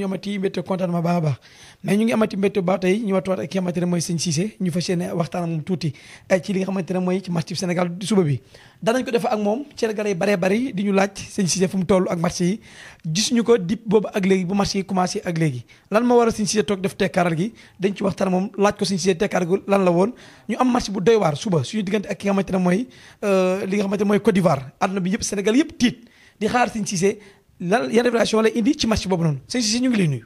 ñu amati mbégte kontaan ma baax a baax mais ñu ngi amati mbégte ba tey ñu waxtuwaat ak ki xamante waxtaan moom tuuti eh, ci li nga xamante ne mooy ci match Sénégal suba bi danañ ko def ak moom Sénégalais yi baree bari di ñu laaj sëñ Cissé fu ak match yi gis ñu ko dip boobu ak léegi bu match yi commencé ak léegi lan moo war a toog def tekkaaral gi dañ ci waxtaan moom laaj ko sëñ gi lan la woon ñu am match bu doy waar suba suñu diggante ak ki nga lan yan révélation lay indi ci match boobu noonu sëñ si ñu ngi lay nuyu.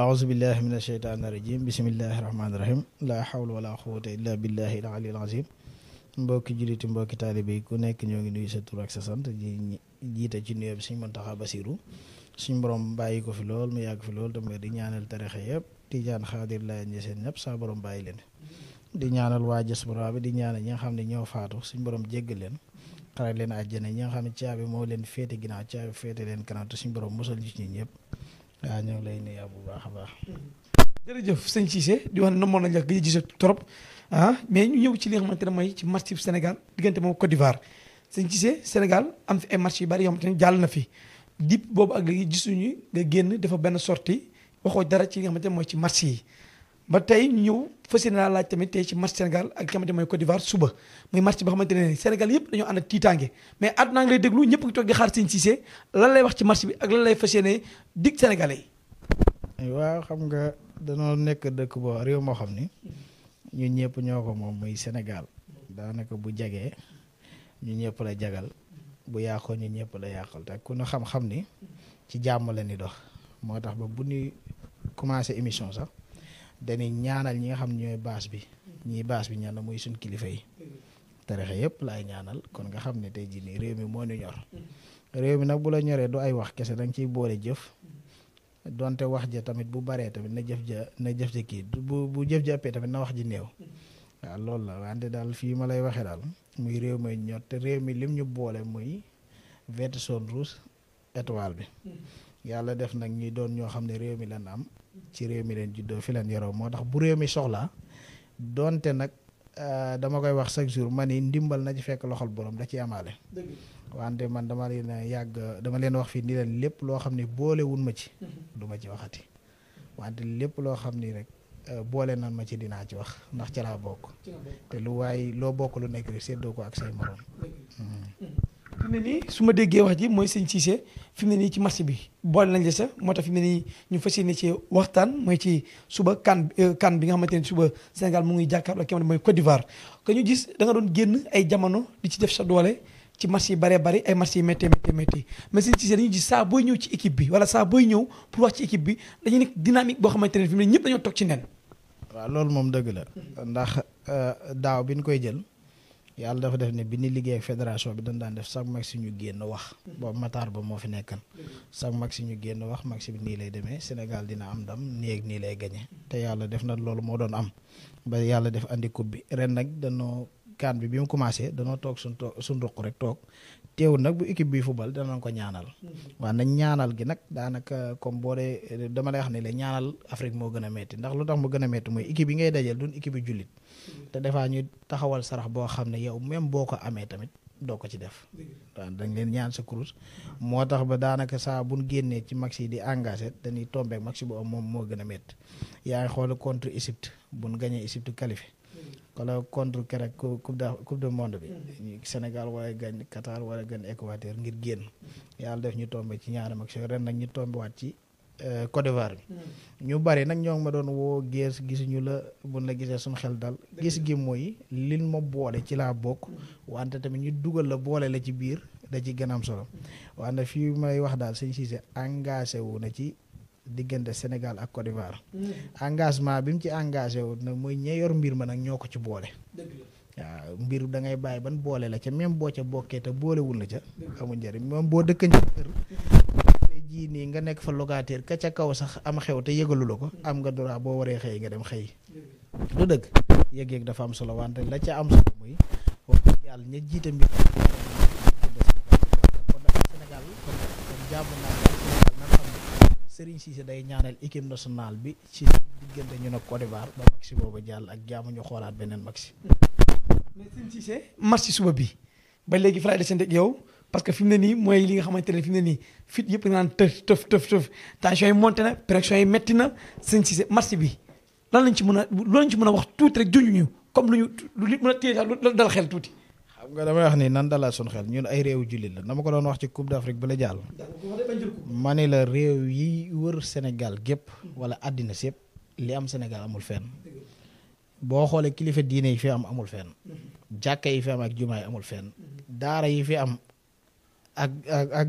aouzu billahi min asheytaani rajim bismillahi rahmaani rahim laa xawla wala quwwata illa billahi al ali al azim mbokki julliti mbokki taalibe yi ku nekk ñoo ngi nuyu sa tur ak sa sant di jiite ci nuyoo bi suñ Muntaxa Basiru suñ borom bàyyi ko fi lool mu yàgg fi lool tamit di ñaanal tarixa yëpp tijaan xaadir laay ñi seen ñëpp saa borom bàyyi leen di ñaanal waa diaspora bi di ñaanal ñi nga xam ne ñoo faatu suñ borom jéggal leen xaral leen àjjana ñi nga xam ne caabi moo leen féete ginnaaw caabi féete leen kanam te suñu borom mosal ci ñun ñëpp waaw ñoo bu baax a baax. jërëjëf sëñ Cissé di wax ne na moon nañ la gëj a mais ñu ñëw ci li nga xamante ne mooy ci match bi Sénégal diggante moom Côte d'Ivoire sëñ Cissé Sénégal am fi ay match yu bari yoo xamante ne jàll na fi dip boobu ak léegi gisuñu nga génn dafa benn sortie waxoo dara ci li nga xamante ne mooy ci match yi ba tey ñëw fas yéene naa laaj tamit tey ci match Sénégal ak xamante mooy Côte d'Ivoire suba muy match bi nga xamante ne Sénégal yëpp dañoo ànd ak tiitaange mais àdduna ngi lay déglu ñëpp ngi toog di xaar Sëñ Cissé lan lay wax ci match bi ak lan lay fa yéene dig Sénégalais yi. waaw xam nga danoo nekk dëkk boo réew moo xam ni ñu ñëpp ñoo ko moom muy Sénégal daanaka bu jagee ñu ñëpp la jagal bu yàqoo ñu ñëpp la yàqal te ku ñu xam-xam ni ci jàmm la ni dox moo tax ba bu ñuy commencé émission sax. dañuy ñaanal ñi nga xam ñooy baas bi ñii baas bi ñaan mooy suñ kilifa yi tarixa yëpp laay ñaanal kon nga xam ne tey jii nii réew mi moo ñu ñor réew mi nag bu la ñoree du ay wax kese danga ciy boole jëf donte wax ja tamit bu baree tamit na jëf ja na jëf kii bu bu jëf ja ëppee na wax ji néew waaw loolu la wante daal fii ma lay waxee daal muy réew mi ñor te réew mi lim ñu boole muy vert jaune rouge étoile bi mm. yàlla def nag ñi doon ñoo xam ne réew mi lan am ci réew mi leen juddoo fi leen yoroo moo tax bu réew mi soxlaa donte nag euh, dama koy wax chaque jour man yi ndimbal na ci fekk loxol boroom da ci amaale wante man dama leen yàgg dama leen wax fii ni leen lépp loo xam ne boole wun ma ci duma ma ci waxati wante lépp loo xam ni rek euh, boole nan ma ci dinaa ci wax ndax ci laa bokk te lu waaye loo bokk lu nekk rek séddoo ko ak say morom fi su ma déggee wax ji mooy sëñ Cissé fi mu ne nii ci marché bi boole nañ la sax moo tax fi mu ne nii ñu fas yéene ci waxtaan mooy ci suba kan euh, kan bi nga xamante ne suba Sénégal mu ngi jàkkaarloo ak ne mooy Côte d'Ivoire. que ñu gis da nga doon génn ay jamono di ci def sa doole ci marché yi bëree bëri ay marché yi méttee méttee méttee mais sëñ Cissé dañuy ñëw ci équipe bi wala saa booy ñëw pour wax ci bi dañuy nekk boo xamante ne fi mu ne ñëpp dañoo toog ci waaw loolu moom dëgg la ndax euh, daaw bi ñu koy jël yàlla dafa def ne bi ni liggéey ak fédération bi dañ daan def chaque match ñu génn wax boobu Matar ba moo fi nekkan chaque match ñu génn wax match bi nii lay demee Sénégal dina am ndam néeg nii lay gañe te yàlla def na loolu moo doon am ba yàlla def indi coupe bi ren nag danoo kaan bi bi mu commencé danoo toog suñ toog suñ ruq rek toog teewul nag bu équipe bi football danañ ko ñaanal mm-hmm. waa nañ ñaanal gi nag daanaka comme boo dee eh, dama la wax ne la ñaanal Afrique moo gën a metti ndax lu tax mu gën a metti mooy équipe bi ngay dajal duñ équipe yi jullit mm-hmm. te defaa ñuy taxawal sarax boo xam ne yow même boo ko amee tamit doo ko ci def waaw dañ leen ñaan sa kurus moo tax ba daanaka saa bun génnee ci max yi di engagé dañuy tombeek maxi bu am moom moo gën a metti yaa ngi xool contre Égypte buñ gagné Égypte qualifié wala contre keroog coupe de coupe du monde bi. Mm-hmm. Sénégal war a gañ Qatar war a gañ Équateur ngir génn. Mm-hmm. yàlla def ñu tombé ci ñaari match ren nag ñu tombé waat ci euh, Côte d'Ivoire bi. Mm-hmm. ñu bari nag ñoo ma doon woo gees gisuñu la buñ la gisee suñu xel dal. gis gi mooy liñ ma boole ci laa bokk. wante tamit ñu dugal la boole la ci biir da ci gën am solo. wante fii may wax daal sëñ Cissé engagé na ci. diggante Sénégal ak Côte d'Ivoire. Mm. engagement bi mu ci engagé wu nag mooy ñe yor mbir ma nag ñoo ko ci boole. waaw mbir da ngay bàyyi ban boole la ca même boo ca bokkee te boolewul la ca. xamul njëriñ moom boo dëkk ci kër. jii nii nga nekk fa locataire ka ca kaw sax am xew te yëgalu ko am nga droit boo waree xëyee nga dem xëy. lu dëgg yëg-yëg dafa am solo wante la ca am solo mooy yàlla ña jiite mbir. kon Sénégal Serigne Cissé day ñaanal équipe nationale bi ci diggante ñu ne Côte d'Ivoire ba maxi boobu jàll ak jaamu ñu xoolaat beneen maxi. mais Serigne suba bi ba léegi fa laay desante yow parce que fi mu ne nii mooy li nga xamante ne fi ne nii fit yëpp nga naan tëf tëf tëf tëf tension yi monté na pression yi metti na Serigne Cissé match bi lan lañ ci mën a lan lañ ci mën a wax tuuti rek junj ñu comme lu ñu lu nit mën a téye daal dal xel tuuti. xam nga damay wax ni nan dalal suñu ñu ñun ay réew jullit la na ko doon wax ci Coupe d'Afrique ba la jàll. ma la réew yi wër Sénégal gépp wala àddina sépp li am Sénégal amul fenn boo xoolee kilifa diine yi fi am amul fenn jàkka yi fi am ak jumaa yi amul fenn daara yi fi am ak ak ak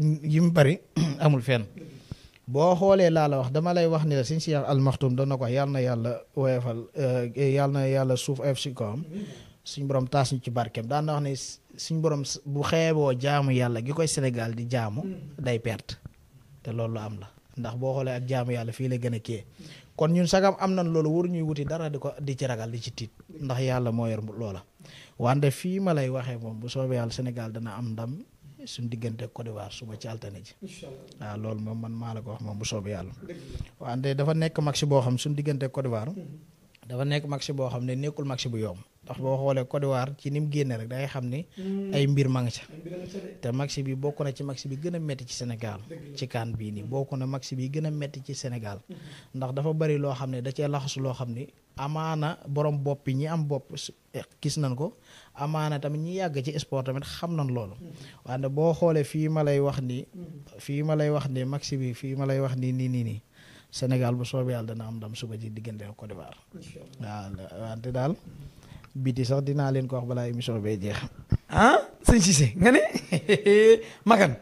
bari amul fenn boo xoolee laa la wax dama lay wax ni la sëñ Cheikh Al Maxtum doon na ko yàlla na yàlla woyofal euh, yàlla yàlla suuf ayef si ko am suñ borom taas ñu ci barkeem daan na wax ne suñ borom bu xeeboo jaamu yàlla gi koy Sénégal di jaamu mm. day perte te loolu am la ndax boo xoolee ak jaamu yàlla fii la gën a kii kon ñun sagam am na loolu war ñuy wuti dara di ko di ci ragal di ci tiit ndax yàlla moo yor loola wante fii ma lay waxee moom bu soobee yàlla Sénégal dana am ndam suñ diggante Côte d'Ivoire suba ci altine ji waaw loolu moom man maa la ko wax moom bu soobee yàlla wante dafa nekk match boo xam suñ diggante Côte d'Ivoire mm-hmm. nekk match boo xam ne nekkul match bu yomb ndax boo xoolee Côte d'Ivoire ci ni génne rek da xam ni. Mm. ay mbir ma ca. te match bi bokk na ci match bi gën a métti ci Sénégal. ci kaan bii nii bokk na match bi gën a métti ci Sénégal. Mm-hmm. ndax dafa bari loo xam ne da cee laxasu loo xam ni amaana boroom bopp yi ñi am bopp eh, gis nañ ko amaana tamit ñi yàgg ci sport tamit xam nañ loolu. Mm-hmm. wante boo xoolee fii ma lay wax nii. Mm-hmm. fii ma lay wax nii match bi fii ma lay wax nii nii nii nii. Sénégal bu soobee yàlla dana am ndam suba ji diggante Côte d'Ivoire. waaw wante daal. biti sax dinaa leen ko wax balaa émission bee jeex. ah sëñ Cissé nga ne Makan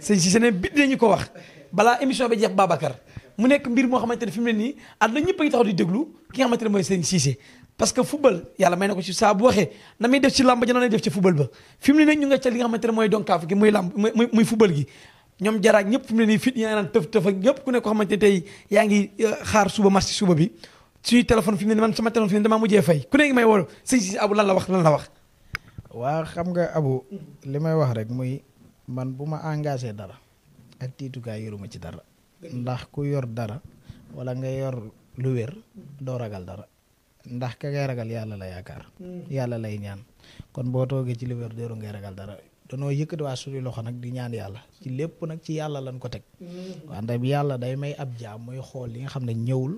sëñ Cissé ne biti dañu ko wax balaa émission bee jeex Babacar mu nekk mbir moo xamante ne fi mu ne nii àdduna ñëpp a ngi taxaw di déglu ki nga que football yàlla may na ko ci saa def ci làmb ja def ci football ba ne nii ñu nga ca li nga xamante ne mooy donkaaf gi ñëpp fit yaa naan tëf tëf ak ñëpp ku nekk ko xamante tey yaa ngi euh, xaar suba match suba bi. suy téléphone fi mu ne man sama téléphone fi mu ne damaa mujjee fay ku ne may woo sëñ si abu lan la wax lan la wax. waa xam nga abu li may wax rek muy man bu ma engagé dara ak tiitukaay yoruma ci dara. ndax ku yor dara wala nga yor lu wér doo ragal dara. ndax ka ngay ragal yàlla la yaakaar. Hmm. yàlla lay ñaan kon boo toogee ci lu wér doo ngay ragal dara. danoo waa suñu loxo nag di ñaan yàlla ci lépp nag ci yàlla lañ ko teg mm-hmm. wante bi yàlla day may ab jaam muy xool li nga xam ne ñëwul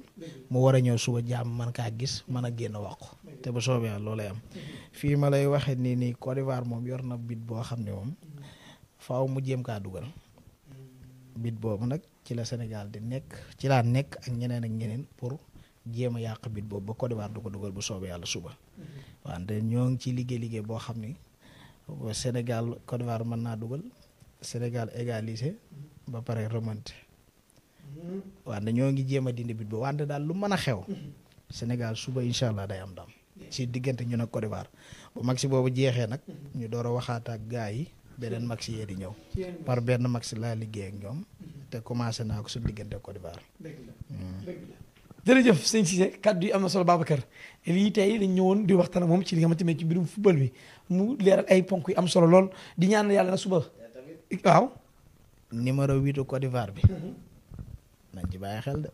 mu war a ñëw suba jaam man kaa gis man a génn wax ko te bu soobee yàlla loolay am mm-hmm. fii ma lay waxee nii nii Côte moom yor na bit boo xam ne moom faaw mu jéem dugal mm-hmm. bit boobu nag ci la Sénégal di nekk ci laa nekk ak ñeneen ak ñeneen pour jéem a yàq bit boobu ba Côte du ko dugal bu soobee yàlla suba wante ñoo ngi ci liggéey liggéey boo xam ni Sénégal Côte d'Ivoire mën naa dugal Sénégal égalisé ba pare remonté mm-hmm. wante ñoo ngi jéem a dindi bit ba wante daal lu mën a xew mm-hmm. Sénégal suba incha allah day am ndam ci diggante ñu nag Côte d'Ivoire bu maxi boobu jeexee nag mm-hmm. ñu door a waxaat ak gaa yi beneen mag si yee di ñëw par benn mag si laa liggéey ak ñoom te commencé naa ko su diggante Côte d'Ivoire. jërëjëf sëñ Cissé kaddu yi am na solo Babacar lii tey dañ ñëwoon di waxtaan ak moom ci li nga xamante ci mbirum football bi mu leeral ay ponk yi am solo lool di ñaan yàlla na suba. waaw. numéro 8 Côte bi. nañ ci bàyyi xel de.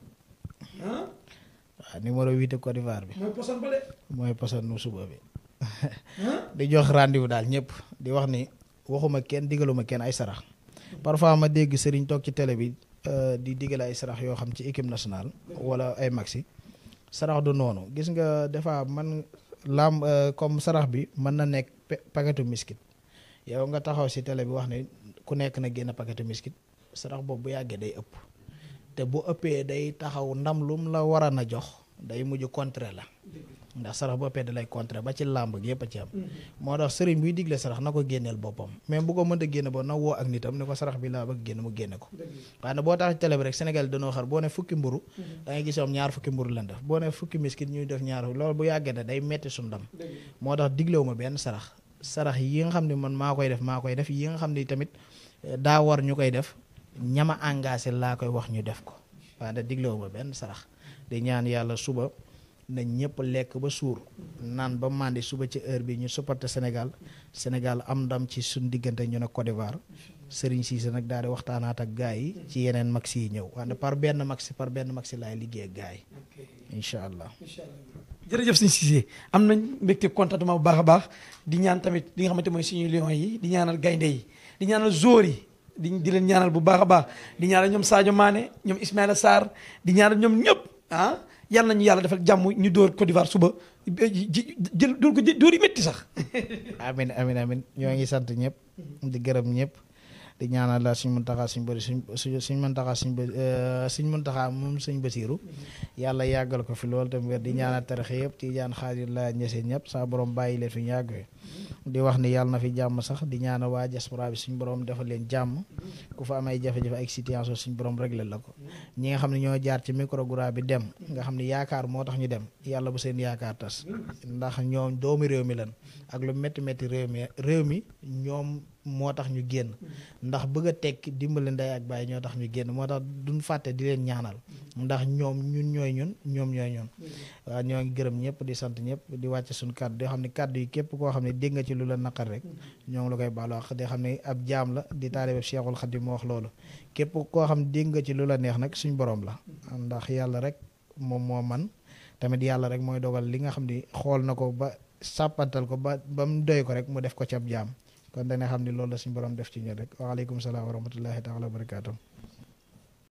waaw numéro 8 bi. mooy poson ba de. mooy poson nu suba bi. di jox rendez-vous daal ñëpp di wax ni waxuma kenn digaluma kenn ay sarax. parfois ma dégg sëriñ toog ci télé bi. Euh, di digale ay sarax yoo xam ci équipe nationale wala ay maxi sarax du noonu gis nga des man laam euh, comme sarax bi mën na nekk paquetu miskit yow nga taxaw si tele bi wax ne ku nekk na génn paquetu miskit sarax boobu bu yàggee day ëpp te bu ëppee day taxaw ndam lum la waran a jox day mujj contre la ndax sarax boo pedd contre ba ci làmb gi a ci am mm-hmm. moo tax sëriñ buy digle sarax na ko génneel boppam même bu ko mënta génne ba na woo ak nitam ne ko sarax bi laa bëgg génn mu génne ko waaye nag boo tax ci bi rek Sénégal danoo xar boo ne fukki mburu mm-hmm. da ngay gis am ñaar fukki mburu lan def boo ne fukki miskit ñuy def ñaar loolu bu yàggee day metti suñu moo tax diglewu ma benn sarax sarax yi nga xam ne man maa koy def maa koy def yi nga xam ne tamit eh, daa war ñu koy def ñama engagé laa koy wax ñu def ko waaye nag benn sarax di suba na ñëpp lekk ba suur naan ba màndi suba ci heure bi ñu supporter Sénégal Sénégal am ndam ci suñ diggante ñu ne Côte d'Ivoire Serigne Cissé nag daal di waxtaanaat ak gars yi ci yeneen max yi ñëw wante par benn max par benn max laay liggéey ak gars yi incha allah. jërëjëf Serigne Cissé am nañ mbégte contentement bu baax a baax di ñaan tamit li nga xamante mooy suñu lion yi di ñaanal gaynde yi di ñaanal zoor yi di di leen ñaanal bu baax a baax di ñaanal ñoom Sadio Mané ñoom Ismaïla Sarr di ñaanal ñoom ñëpp ah. yàlla nañu yàlla defal jàmm ñu dóor Côte d'Ivoire suba jël dóor ko dóor yi métti sax. amin amin amin ñoo ngi sant ñëpp di gërëm ñëpp. di ñaanal daal suñ muntaxaa suñ bëri suñ suñ muntaxaa suñ bëri suñ muntaxaa moom basiiru yàlla yàggal ko fi loolu tam wér di ñaanal tarax yëpp ci jaan xaadir laa ñeseen ñëpp saa borom bàyyi leen fi ñu yàgg fi di wax ni yàlla na fi jàmm sax di ñaanal waa diaspora bi suñ borom defal leen jàmm ku fa amay jafe-jafe ak situation suñ borom réglé la ko ñi nga xam ne ñoo jaar ci microgura bi dem nga xam ne yaakaar moo tax ñu dem yàlla bu seen yaakaar tas ndax ñoom doomi réew mi lan ak lu métti métti mi réew moo tax ñu génn ndax bëgg a tekki dimbali ndey ak baay ñoo tax ñu génn moo tax duñ fàtte di leen ñaanal ndax ñoom ñun ñooy ñun ñoom ñooy ñun waaw ñoo ngi gërëm ñëpp di sant ñëpp di wàcc suñu kàdd di xam ne kàddu yi képp koo xam ne dégg nga ci lu la naqar rek ñoo ngi koy baalu wax xam ne ab jaam la di taalibe Cheikhul Khadim moo wax loolu képp koo xam dégg nga ci lu la neex nag suñ boroom la ndax yàlla rek moom moo man tamit yàlla rek mooy dogal li nga xam ne xool na ko ba sàppantal ko ba ba mu doy ko rek mu def ko ci ab jaam kon dana xam ni loolu la suñu borom ci ñun rek waaleykum salaam wa rahmatullahi taala wa barakaatu